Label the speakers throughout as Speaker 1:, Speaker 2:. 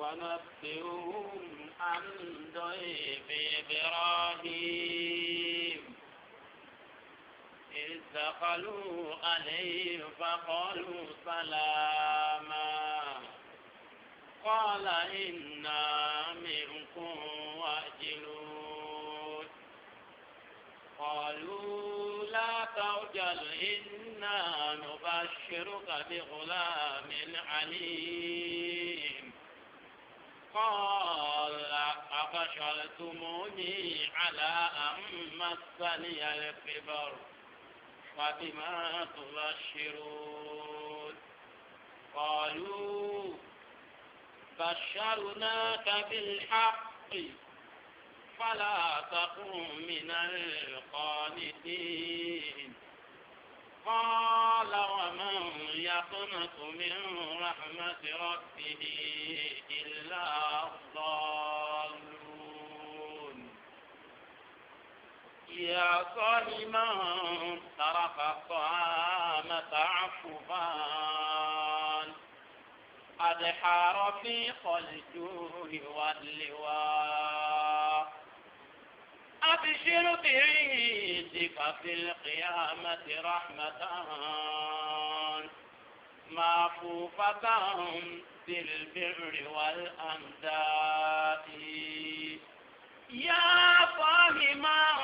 Speaker 1: ونبئهم عن ضيف إبراهيم إذ دخلوا عليه فقالوا سلاما قال إنا منكم واجلون قالوا لا توجل إنا نبشرك بغلام عليم قال أبشرتموني على أن مسني الكبر فبما تبشرون قالوا بشرناك بالحق فلا تقوم من القانتين قال ومن يقنط من رحمة ربه إلا الضالون يا صالما ترك الطعام تعففان أدحار في الجوع واللوان
Speaker 2: وأبشر بعيدك
Speaker 1: في القيامة رحمة معفوفة بالبر والأمداد يا فاهما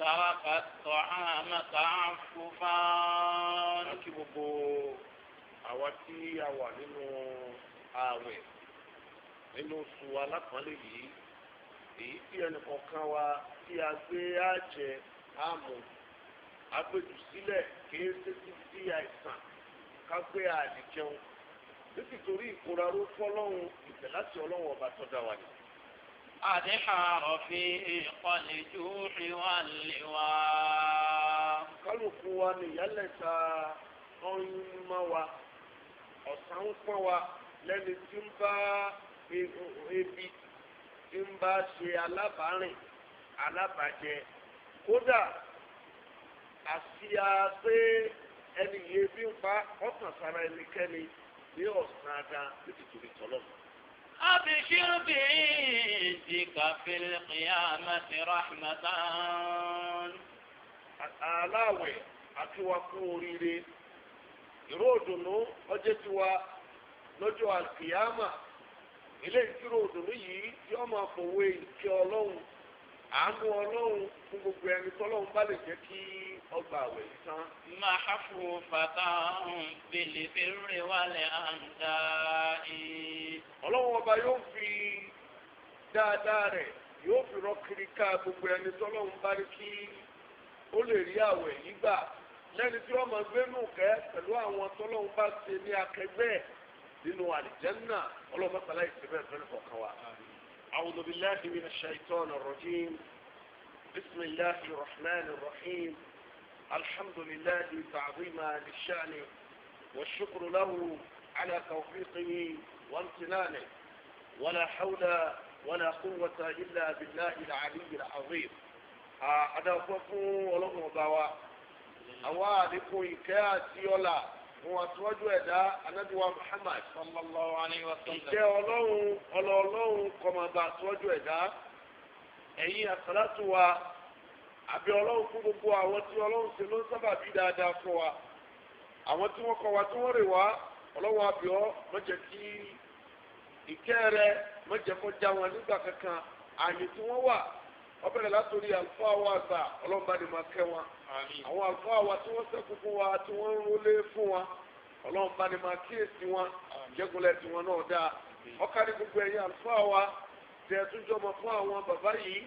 Speaker 1: ترك الطعام تعففا kí gbogbo àwa tí a
Speaker 2: wà nínú ààwẹ̀ nínú oṣù alápọ̀nlé yìí èyí tí ẹnìkọ̀ọ̀kan wa tí a gbé àjẹ àmù agbèjù sílẹ̀ kìí ṣe ti di àìsàn ká gbé àlè jẹun títí torí ìkóraró fọlọ́run ìtẹ̀ láti ọlọ́run ọba tọ́da wa ni.
Speaker 1: àdéhàrọ̀ fi ìkọlẹ̀ jù rí wá lè wá.
Speaker 2: kálukú wa nìyálẹ̀ta ọyún mọ́ wa ọ̀sán ń pọ́n wa lẹ́ni tí ń bá ebi tí ń bá ṣe alábàárìn alábàjẹ kódà àṣìyà pé ẹni yìí bí ń pa ọkàn sára ẹnikẹ́ni
Speaker 1: ní ọ̀sán ada nítorí torí tọ́lọ́mù. أبشر بعيدك في القيامة رحمة aláwẹ̀ àti wa kú oríire ìró òdùnnú ọjọ́
Speaker 2: ilé ìṣirò òdòdó yìí tí wọ́n máa fòwe ìṣe ọlọ́run àánú ọlọ́run fún gbogbo ẹni tọ́lọ́run bá lè jẹ́ kí
Speaker 1: ọgbà àwẹ̀ yìí tán. máa hafù bàtà bèlè fèrè wàlẹ̀ àǹdà yìí. ọlọ́run ọba yóò fi dáadáa
Speaker 2: rẹ̀ yóò fi rọ ká gbogbo ẹni tọ́lọ́run bá lè kí ó lè rí àwẹ̀ yìí gbà lẹ́ni tí wọ́n máa gbénú kẹ́ pẹ̀lú àwọn tọ́lọ́run bá ṣe ní akẹgbẹ́ ẹ̀. nínú àlìjẹ́nà ọlọ́mọ́tàlá ìṣẹ̀bẹ̀ في kọ̀ọ̀kan wa. أعوذ بالله من الشيطان الرجيم بسم الله الرحمن الرحيم الحمد لله تعظيما للشأن والشكر له على توفيقه وامتنانه ولا حول ولا قوة إلا بالله العلي العظيم آه، أدعوكم ولكم دعوة أوادكم كاتي ولا wọn àtúwájú ẹ̀dá anábíwá
Speaker 1: Muhammad sallallahu alayhi wa sallam ìjẹ́ ọlọ́run
Speaker 2: ọlọ́ọ̀lọ́run kọmọba àtúwájú ẹ̀dá ẹ̀yin àsálàtù wa àbí ọlọ́run fún gbogbo àwọn tí ọlọ́run ṣe ló ń sábà bí dáadáa fún wa àwọn tí wọ́n kọ wa tí wọ́n rè wá ọlọ́run àbíọ́ mọ̀jẹ̀ kí ìkẹ́ rẹ mọ̀jẹ̀ kọjá wọn nígbà kankan àyè tí wọ́n wà ọbẹ̀rẹ̀ látòrí àlùfáà wa àgbà ọlọ́mọba ni máa kẹ́ wa àwọn àlùfáà wa tí wọ́n ṣẹ́kù fún wa tí wọ́n ń rólé fún wa ọlọ́mọba ni máa kíyèsí wọn jẹ́gunlẹ̀ tí wọn náà dáa ọkàrí gbogbo ẹ̀yin àlùfáà wa tẹ̀ túnjọmọ fún àwọn bàbá yìí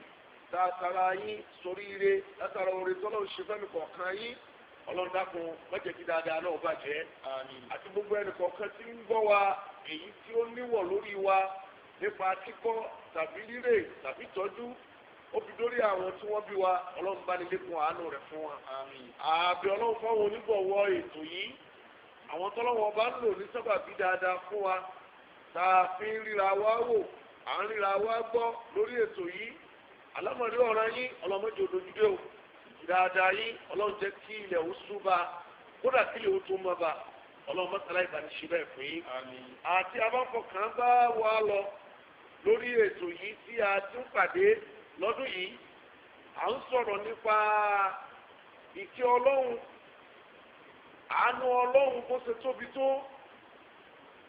Speaker 2: tá a tara yín sórí ire látara oore tọ́lọ́ ṣe fẹ́mi kọ̀ọ̀kan yín ọlọ́dàkùn mọ́jẹ̀kí dáadáa náà bàjẹ́ àti gbogbo ẹnì kọ̀ọ̀kan tí ń gbọ́ wa èyí tí ó níwọ̀ lórí wa nípa kíkọ́ tàbí rírè tàbí tọ́jú ó fi dórí àwọn tí wọ́n bí wa ọlọ́run bá ní lékun àánú rẹ̀ fún wa. àbí ọlọ́run fáwọn onígbọ̀wọ́ ètò yìí àwọn tọ́lọ́wọ́ bá ń lò ní sábàbí dáadáa fún wa tá a fi ń ríra wa wò à ń ríra wa gbọ́ lórí ètò yìí alámọ̀dé ọ̀ràn yín ọlọ́mọdé òdòdúdé o dáadáa yín ọlọ́run jẹ́ kí ilẹ̀ ó sú ba kódà kí ilẹ̀ ó tó mọ́ ba ọlọ́run mọ́tàlá ìbánisí bẹ́ẹ̀ fún yín. àti abáfọkàn bá wa lọ lórí ètò yìí tí a tún pàdé lọ́dún yìí à ń sọ̀rọ̀ nípa ìkẹ́ ọlọ́run àánú ọlọ́run bó ṣe tóbi tó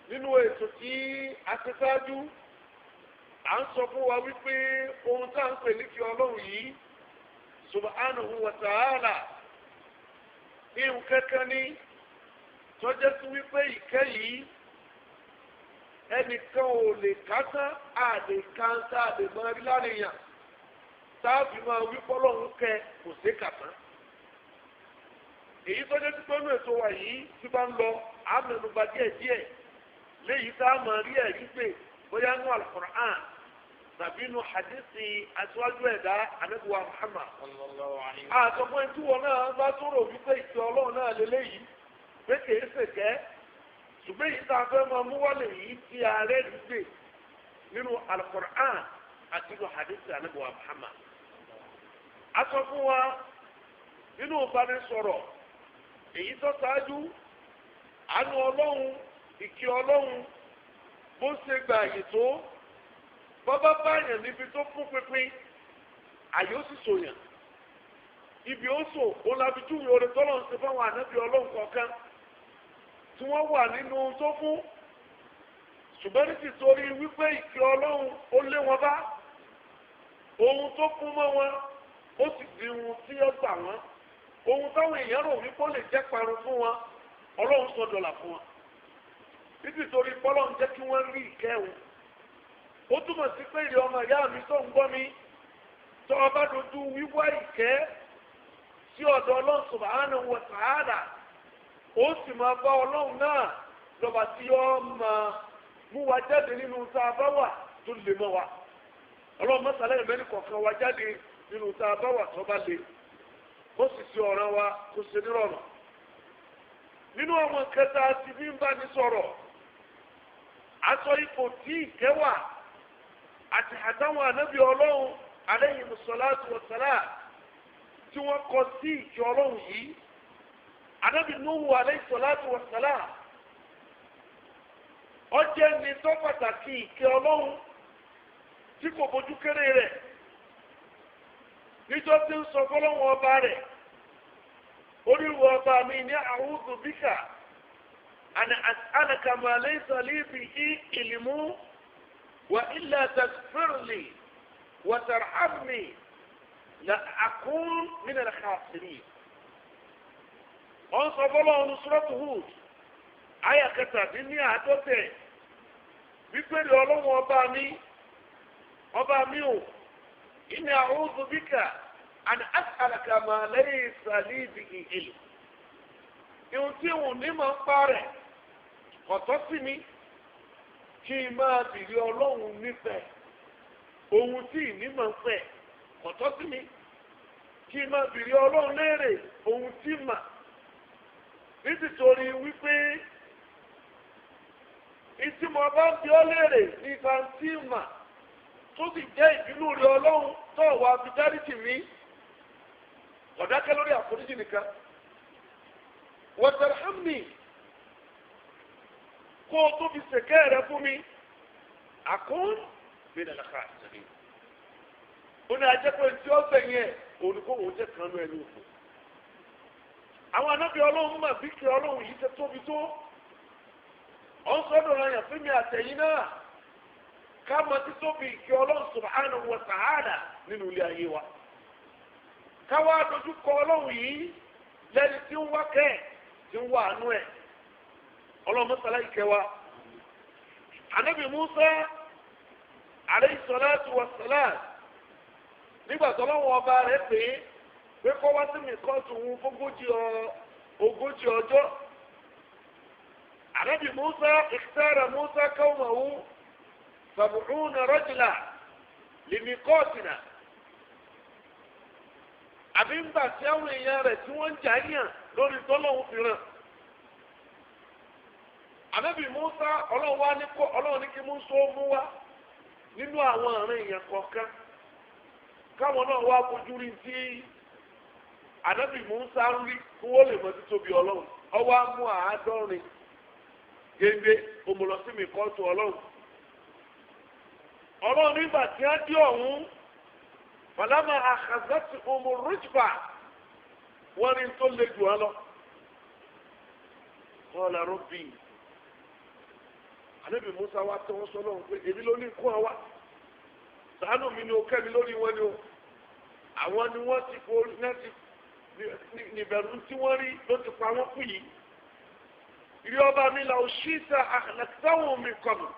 Speaker 2: nínú ètò tí a ti ṣáájú à ń sọ fún wa wípé ohun tá à ń pè ní kí ọlọ́run yìí subhanahu wa ta'ala ní nkankan ní tọ́jẹ́ sí wípé ìkẹ́ yìí ẹnìkan ò lè kásán àdèkáńtà àdèmọ́rí láàrin sáàfì máa wí fọlọ́hún kẹ kò sí kàtán èyí tọ́jú tí pẹ́ẹ́nù ètò wa yìí tí bá ń lọ àmẹnugba díẹ̀ díẹ̀ léyìí tá a máa rí ẹ̀rí pé bóyá nù alukur'an tàbí nù hadithi aṣáájú ẹ̀dá anabiwa muhammad. àtọ̀pọ̀ ẹtú wọn náà bá tó wípé ìtì ọlọ́run náà lélẹ́yìí pé kìí ṣèkẹ́ ṣùgbọ́n èyí tá a fẹ́ máa mú wálé yìí ti ààrẹ rí pé nínú alukur'an
Speaker 1: àti nù hadithi anabiwa muhammad a
Speaker 2: sọ fún wa nínú ìbánisọ̀rọ̀ èyí tó ṣáájú àánú ọlọ́run ìkí ọlọ́run bó ṣe gba àyè tó bọ́bá báyàn níbi tó fún pínpín àyè ó sì sòyàn ibi ó sò ó lábi júwe oore tọ́lọ̀ ń ṣe fáwọn ànábì ọlọ́run kọ̀ọ̀kan tí wọ́n wà nínú tó fún ṣùgbọ́n ní ti torí wípé ìkí ọlọ́run ó lé wọn bá ohun tó fún mọ́ wọn ó ti di ohun tí ó gbà wọ́n ohun táwọn èèyàn rò wípé ó lè jẹ́ parun fún wọn ọlọ́run sọ dọ̀là fún wọn títí torí pọ́lọ́run jẹ́ kí wọ́n rí ìkẹ́hùn ó túmọ̀ sí pé ìrì ọmọ ìyá mi tó ń gbọ́ mi tó o bá dojú wíwá ìkẹ́ sí ọ̀dọ̀ ọlọ́run subhanahu wa ta'ala ó sì máa bá ọlọ́run náà lọ́ba tí ó máa mú wa jáde nínú tá a bá wà tó lè mọ́ wa ọlọ́run mọ́sálẹ́ ìmẹ́rin kọ̀ọ̀kan wa jáde. nínú tá a bá wà tó bá le sì sí ọ̀ràn wa kó ṣe nírọ̀rùn nínú àwọn kẹta tí bí ń bá ní sọ̀rọ̀ aṣọ ipò tí ìkẹwà àti àtàwọn ànábì ọlọ́run alayhi musallatu tí wọ́n kọ sí ìjọ ọlọ́run yìí Nuhu salatu wassalam ọjẹ́ ni tó pàtàkì ìkẹ́ ọlọ́run tí kò níjọ́ tí ń sọ fọ́lọ́wọ́ ọba rẹ̀ oríwọ̀ ọba mi ní àwùjọ bíkà àni àlàkàmà lẹ́sà lébi í ìlímú wà ilà tàfírìlì wà tàrhàmì là àkún nínú àkàtìrì. wọ́n sọ fọ́lọ́wọ́ ní sọ́tù hood àyà kẹtàdínní àádọ́tẹ̀ wípé ọlọ́wọ́ ọba mi ọba mi ò. إني أعوذ بك bika أسألك ما ليس لي به علم ìhun tí òun ni ma ń parẹ̀ ọ̀tọ́ sí mi kí n máa bìrì ọlọ́run ohun tí ni ma ń fẹ́ ọ̀tọ́ mi léèrè ohun tí mà tori wípé ìtí mo ba bi léèrè nípa tí tó sì jẹ́ ìbínú rẹ ọlọ́run tó wà fidelity mi ọ̀dákẹ́ lórí àforíjì nìkan wọ́tẹ̀rẹ́hàmì kó o tó fi ṣèkẹ́ rẹ fún mi àkóhùn mi nà lọ́kà àtẹ̀lé ó ní ajẹ́pẹ́ tí ó gbẹ̀yìn ẹ̀ òun òun jẹ́ kanú ẹni òfò àwọn anábìá ọlọ́run mà bí kí ọlọ́run yìí ṣe tóbi tó ọ̀n sọ́dọ̀ ọ̀ràn yàn fún mi àtẹ̀yìn náà. ka mọ títí fi ìkí ọlọ́run subhanahu wa ta'ala nínú ilé ayé wa ká dojú kọ ọlọ́run yìí nwa tí ń wá kẹ́ ẹ̀ tí ń wá àánú anabi musa aleyhi salatu wa salam nígbà tó lọ́wọ́ ọba rẹ̀ pé pé kó wá sí mi musa musa سبعون رجلا لميقاتنا àbí ń gbà sí àwọn èèyàn rẹ̀ tí wọ́n ń jà lórí tọ́lọ́hún fìràn. àbẹ́bí Musa ọlọ́run ní kó ní kí Musa ó mú wá nínú àwọn èèyàn kọ̀ọ̀kan Musa ń rí kí wọ́n lè mọ títóbi ọlọ́run ọwọ́ á mú àádọ́rin òmùlọ́sí mi ọlọ́run nígbà tí wọ́n dé ọ̀hún fàlámà àkàzẹ́tì ọmọ rújbà wọ́n ní tó le jù ọ́ lọ. wọ́n lọ rọ́bì ànábì Musa wa tẹ́wọ́ sọ́lọ́run pé èmi ló ní kó ọ wá sàánù mi ni o kẹ́mi lórí wọn ni o àwọn ni wọ́n ti forí náà nìbẹ̀rù tí wọ́n rí ló ti pa wọ́n kú yìí. ìrí ọba mi la ò ṣí ta àkàtàwọn mi kọ̀nù.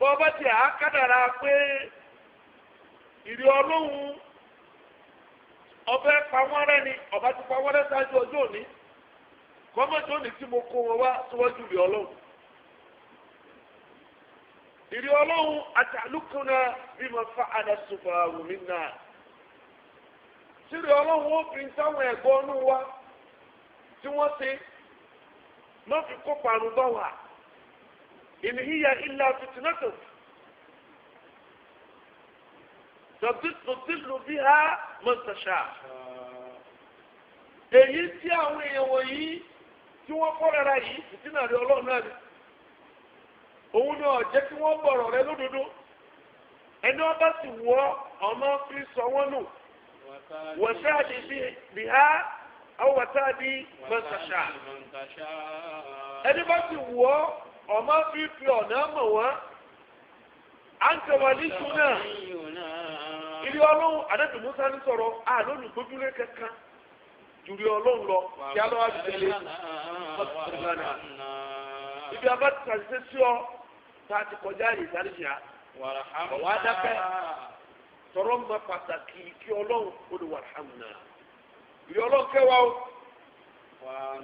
Speaker 2: bọ́ ti àákádàrà pé ìrì ọlọ́hun ọbẹ̀ pamọ́rẹ́ ni ọba ti pamọ́rẹ́ ṣáájú ọjọ́ òní gọ́ọ̀mẹ̀ntì òní tí mo kó wọn wá síwájú ìrì ọlọ́run ìrì ọlọ́hun. àtàlùkùnà bímọ fa àdàsùnfà wùmí náà sírí ọlọ́run ó fi sáwọn ẹ̀gbọ́n tí in hiya illa fitnatu tọ̀tìlù bí ha mọ̀tàṣà. èyí tí àwọn èèyàn wọ̀nyí tí wọ́n kọ́ rárá yìí fìtínà rẹ ọlọ́run náà ni. òun náà jẹ́ kí wọ́n bọ̀rọ̀ rẹ lódodo. ẹni wọ́n bá sì wọ́ ọmọ fi sọ wọ́n nù.
Speaker 1: wọ̀sáàdì bí ha
Speaker 2: àwọn wọ̀sáàdì mọ̀tàṣà. ẹni bá sì wọ́ ọmọ fífi ọ̀nà mọ̀ wọ́n à ń tẹ̀wọ̀ ní súnà ilé ọlọ́run àdẹ́tù musa ní sọ̀rọ̀ àlólùgbójúlé kankan jùlọ ọlọ́run lọ kí á lọ́wọ́ àti tẹ̀lé ibi abá ti sàṣiṣẹ́ sí ọ tá a ti kọjá àyè ìdáríjà ọ̀wá dákẹ́ tọrọ ma pàtàkì kí ọlọ́run kó lè wà hàn náà ilé ọlọ́run kẹwàá o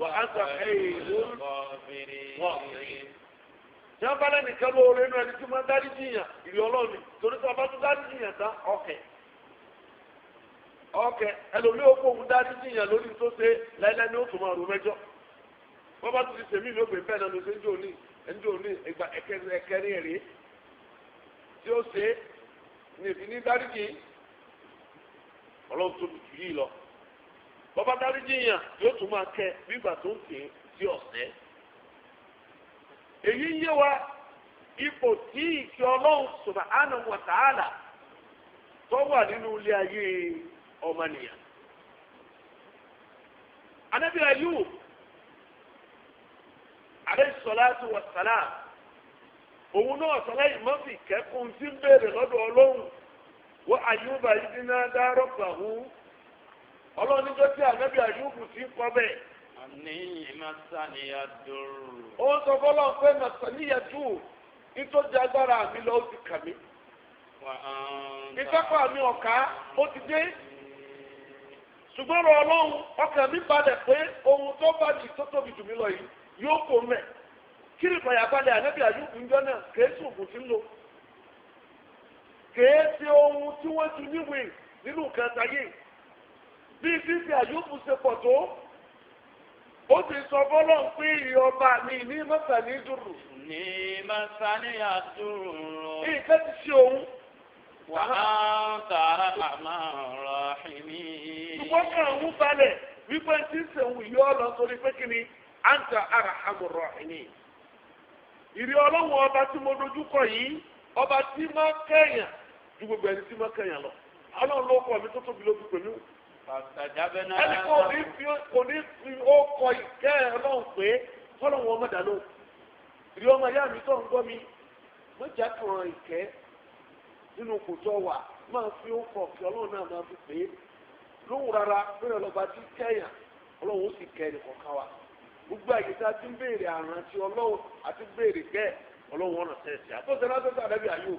Speaker 1: wà á sàkẹ́yìn lórí wọ́n.
Speaker 2: tí wọn bá lẹni kan ẹni tí wọn dárí jiyàn ìrì ọlọ́ọ̀ni torí tí bá tún dárí jiyàn tán ọkẹ ọkẹ ẹlòmíì ó fóun dárí jiyàn lórí tó ṣe láíláí ni ó tún mẹ́jọ wọn bá tún ti sèmí ìlú ògbé bẹ́ẹ̀ náà ló ṣe ń jò ń jò ìgbà ẹ̀kẹrin ẹ̀rẹ́ tí ó ṣe ní èfi ní dárí jì ọlọ́run tó lù jù yìí lọ bọ́bá dárí èyí ń yé wa ipò tí ìfẹ́ ọlọ́run subhanahu wa ta'ala tó wà nínú ilé ayé anabi ayu alayhi salatu wa salam òun náà sọlá ìmọ̀sí kẹ́kùn tí ń lọ́dọ̀ ọlọ́run wọ́n ayúbà yìí dín náà dá hù ọlọ́run tí anabi ayub ti ń kọ́
Speaker 1: ní ìmọ̀sánìyà dùrù.
Speaker 2: ó sọ fọlọ́ pé mọ̀sánìyà dùrù nítorí agbára mi lọ ó ti kà mí. ìfẹ́kọ̀ àmì ọ̀ká ó ti dé. ṣùgbọ́n rọ ọlọ́run ọkàn mi balẹ̀ pé ohun tó bá jù tó tóbi jù mí lọ yìí yóò kó mẹ́. kí ni ìpàyà balẹ̀ ànábì àyùkù ń jọ náà kèé sí òògùn tí ń lò. kèé sí ohun tí wọ́n ti níwèé nínú nǹkan táyé. bí fífi àyùkù ṣe pọ̀ tó ó ti sọ fọlọ́ pé ìyọba mi ní mọ́sàlẹ́ dùrù. ní
Speaker 1: mọ́sàlẹ́ àdúrò. ìfẹ́ ti ṣe òun. wà á ta àmà ọ̀rọ̀ ìmí. ṣùgbọ́n kan ń balẹ̀ wípé
Speaker 2: tí ń sèwù yọ ọ sórí pé kí ni à ń ta ara àmọ̀rọ̀ ìmí. ìrì ọlọ́wọ́ ọba tí mo dojú kọ yìí ọba tí máa kẹ́yàn ju gbogbo ẹni tí máa kẹ́yàn lọ. ọlọ́run ló kọ́ mi tó tóbi ló fi pè mí wò.
Speaker 1: ẹni kò ní fi
Speaker 2: kò ní fi ó kọ ìkẹ́ ọlọ́run pé fọlọ́run ọmọ dà rí ọmọ ìyá mi tó ń gbọ́ mi mọ́jà kan ìkẹ́ nínú kòtò wà máa fi ó kọ kí ọlọ́run náà máa fi pé lóhùn rárá bẹ́ẹ̀ lọ́ba kẹ́yà ọlọ́run ó sì wa gbogbo àyè a ti ń béèrè àrùn àti ọlọ́run àti béèrè ọlọ́run ọ̀nà tẹ̀sí àtọ́sẹ̀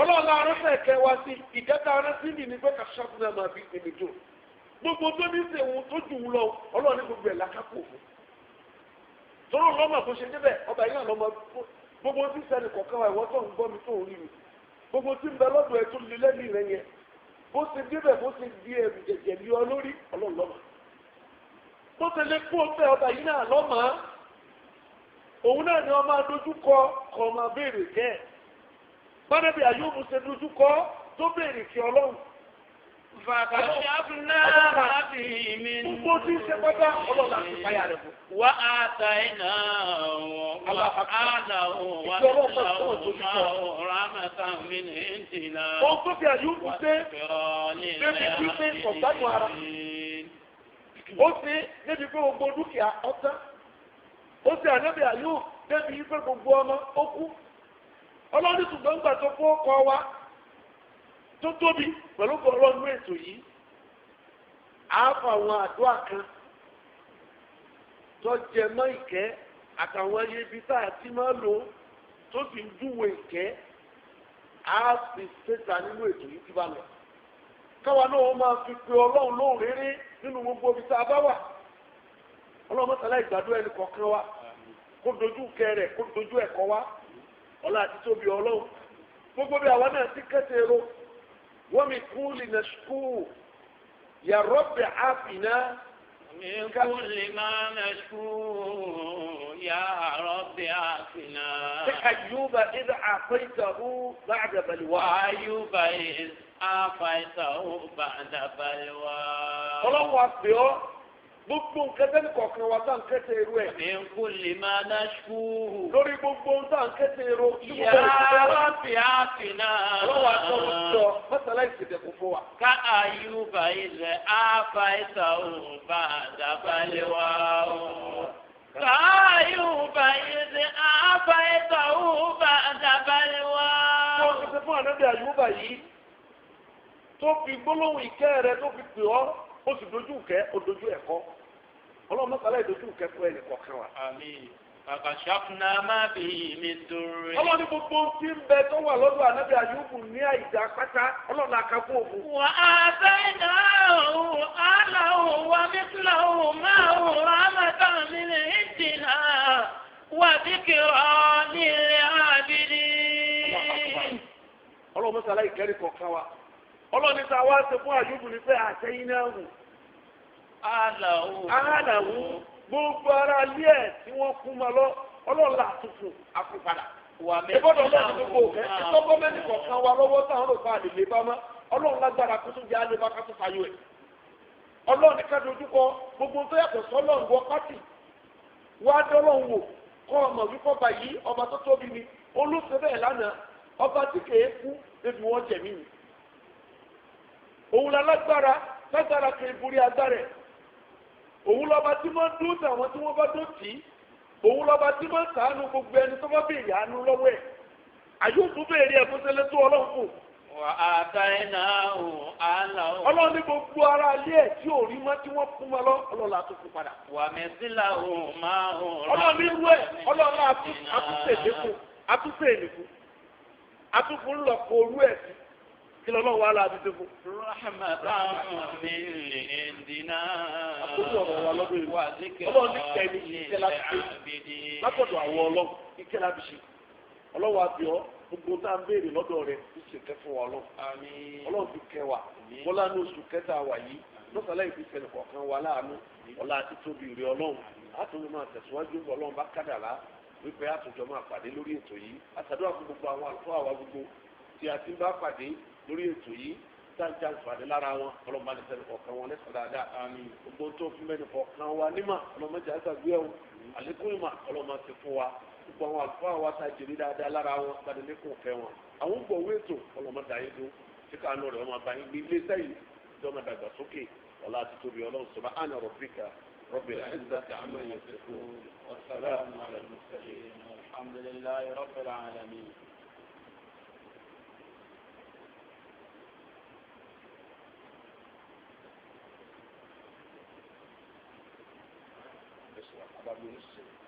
Speaker 1: ọlọ́ọ̀lá aránṣẹ́
Speaker 2: ẹ̀kẹ́ wá sí ìjẹta aránṣẹ́ mi ní pé kàṣàbùn náà máa fi èmi jò gbogbo tó ní ṣe òun tó jù ú lọ ọlọ́ọ̀ni gbogbo ẹ̀ lákàkò fún tọ́lọ́ lọ́mọ tó ṣe débẹ̀ ọba yìí àlọ́mọ gbogbo tí sẹ́ni kọ̀ọ̀kan wa ìwọ tó ń gbọ́ mi tó ń rí mi gbogbo tí ń bẹ lọ́dọ̀ ẹ tó lulẹ̀ ní rẹ yẹn bó ṣe débẹ̀ bó ṣe di ẹrù jẹ̀jẹ̀ lé bọ́dẹ̀bí àyùbù ṣe dojú kọ tó béèrè kí ọlọ́run.
Speaker 1: Fàkàṣàfúnà bí mi.
Speaker 2: Gbogbo tí ń ṣe pátá ọlọ́run àti ìpáyà rẹ̀
Speaker 1: bò. Wà á ta iná wà á là òun wà á là òun rámàtà mi ní ìdìnnà. Ó tó fi àyùbù ṣe débi wípé ọ̀gbádùn ara.
Speaker 2: Ó ṣe débi pé gbogbo dúkìá ọ̀tá. Ó ṣe ànábì àyùbù débi wípé gbogbo ọmọ ó kú ọlọ́run ṣùgbọ́n ń gbà tó kó kọ wa tó tóbi pẹ̀lú ọlọ́run ètò yìí á fọ àwọn àdúrà kan tó jẹ mọ́ ìkẹ́ àtàwọn ayé ibi tá a ti máa lò tó sì ń júwe ìkẹ́ á fi ṣèta nínú ètò yìí ti bá lọ káwa náà wọ́n máa fi pe ọlọ́run lóhùn rere nínú gbogbo ibi tá a bá wà ọlọ́run mọ́tàlá ìgbàdo ẹnì kọ̀ọ̀kan wa kó dojú kẹrẹ̀ kó dojú ẹ̀kọ́ wa ọlá àti tóbi ọlọ́run gbogbo bí àwọn náà ti kẹ́tẹ́ ro wọ́n mi kú lè nà sukú yà rọ́bì àfìnà.
Speaker 1: mi kú lè má nà sukú yà rọ́bì àfìnà. ṣé àyùbá ìdá àpẹ́tàwó bá àdàbàlùwà. àyùbá ìdá àpẹ́tàwó bá àdàbàlùwà. ọlọ́wọ́ àpè ọ́.
Speaker 2: gbogbo nǹkan tẹ́lẹ̀ kọ̀ọ̀kan wa tá eru ẹ̀. mi lè máa gbogbo tá eru. ìyá wa fi
Speaker 1: àfi náà. ọlọ́wà tó ń sọ mọ́sálá ìṣèdẹ̀kùn fún wa. ká àyùbá ilẹ̀ àfa ìta òun bá àdàbálẹ̀ wa o. ká àyùbá ilẹ̀ àfa ìta òun bá àdàbálẹ̀ wa o. ti yìí
Speaker 2: tó fi gbólóhùn ìkẹ́ rẹ tó fi pè ọ́ ọlọ́run mọ́sálá ìdójú kẹfọ́ ẹnì kọ̀ọ̀kan wa.
Speaker 1: Àkàṣàfúnà máa bì í mi dúró. Ọlọ́run ní
Speaker 2: gbogbo ń bẹ tó wà lọ́dọ̀ ànábì àyùkù ní pátá ọlọ́run Wà á náà o, àlà mí máa mi lè
Speaker 1: wà bí kìrọ̀ ní ilé àbídí.
Speaker 2: Ọlọ́run mọ́sálá ìkẹ́rì kọ̀ọ̀kan wa. Ọlọ́run ní sáwá ṣe fún àyùkù ní náà aláwo gbogbo ara ilé ẹ̀ tí wọ́n kú mọ́ lọ ọlọ́ọ̀la
Speaker 1: tuntun àkùpadà. ìbọ̀dọ̀ ọlọ́run tó kò kẹ́ ẹ̀tọ́
Speaker 2: gọ́mẹ́ntì kọ̀ọ̀kan wa lọ́wọ́ táwọn òfin àdèlè bá mọ́ ọlọ́run lágbára kó tún jẹ́ bá fayọ gbogbo tó pátì wá wò ọba tó tóbi ni ọba tí kèé kú ebi wọn ni. òun lọ́ba tí wọ́n dún tàwọn tí wọ́n bá dún tì í òun lọ́ba tí wọ́n sàánú gbogbo ẹni tó bá béèrè àánú lọ́wọ́ ẹ̀ àyè òtún béèrè ẹ̀ fún sẹlẹ̀ tó ọlọ́run kù.
Speaker 1: wà á ta ẹ̀ náà ó. ọlọ́run ní
Speaker 2: gbogbo ara ilé ẹ̀ tí ò rí mọ́ tí wọ́n fún wọn lọ ọlọ́run àti fún padà. wà mí ò máa ò rà. ọlọ́run irú ẹ̀ ọlọ́run àtúnṣe ìdẹ́kùn àtúnṣe ìnìkùn àtúnfún lọ́kọ̀ orú ẹ̀ sí
Speaker 1: kí lọ́lọ́ wa la ti dìbò. rahmatan min indina. a ń béèrè wa lọ. ọlọ́run ti kẹ́
Speaker 2: wa ní oṣù wípé àtòjọ́ máa pàdé lórí ètò yìí àtàdúrà fún gbogbo àwọn àlùfáà wa gbogbo tí a ti bá pàdé lórí ètò yìí táǹtì àǹfààní lára wọn ọlọ́mọ àti sẹ́nu kọ̀ọ̀kan wọn lẹ́sọ̀ dáadáa gbogbo tó fi mẹ́nu kọ̀ọ̀kan wa nímà ọlọ́mọ ti àgbàgbé ẹ̀wọ̀n àlékún ìmà ọlọ́mọ ti fún wa gbogbo àwọn àlùfáà wa ta jèrè dáadáa lára wọn gbadé lẹ́kùn fẹ́ wọn àwọn gbọ̀wé ètò ọlọ́mọ dàáyé dún tí káàánú rẹ̀ ọmọ àbáyé gbé ilé sẹ́yìn ìjọba dàgbàsókè ọ̀la àti tóbi ọlọ́run sọ̀rọ̀ àná
Speaker 1: rọ̀bìkà رب العزة عما يصفون والسلام على المرسلين لله رب العالمين years